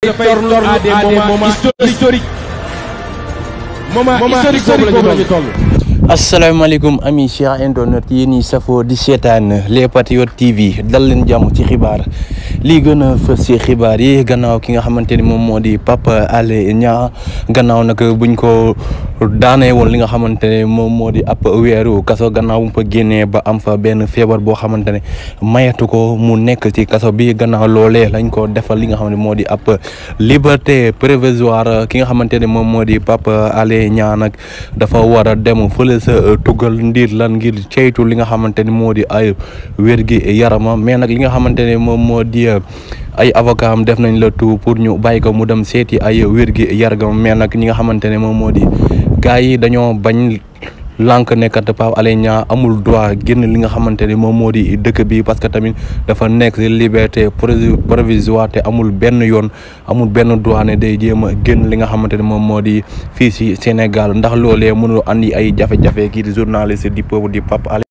se torne à des boobu la ñu asalaamaaleykum ami cher internet yi ñi safoo di seetaan les patriotes TV dal leen jàmm ci xibaar lii gën a fës ci xibaar yi gannaaw ki nga xamante ni moom moo di Pape Alé Niang gannaaw nag buñ ko daanee li nga xamante ne moom moo di ab weeru kaso gannaaw bu mu fa génnee ba am fa benn feebar boo xamante ne mayatu ko mu nekk ci kaso bi gannaaw loolee lañ ko defal li nga xam ne moo di ab liberté provisoire ki nga xamante ne moom moo di Pape Alé ñaa nag dafa war a dem fële sa euh, tuggal ndiir lan ngir ceytu li nga xamante ni moo di ay wér gi yarama mais nag li nga xamante ne moom moo di euh, ay avocat def nañ la tout pour ñu bàyyi ko mu dem seeti ay wér gi yargam mais nag ñi nga xamante ne moom moo di gars yi dañoo bañ lank nekkat Pape Alé Niang amul droit génn li nga xamante ni moom moo di dëkk bi parce que tamit dafa nekk liberté provisoire te amul benn yoon amul benn droit ne day jéem a génn li nga xamante ni moom moo di fii si Sénégal ndax loole mënul andi ay jafe-jafe kii di journaliste di peuple di Pape Alé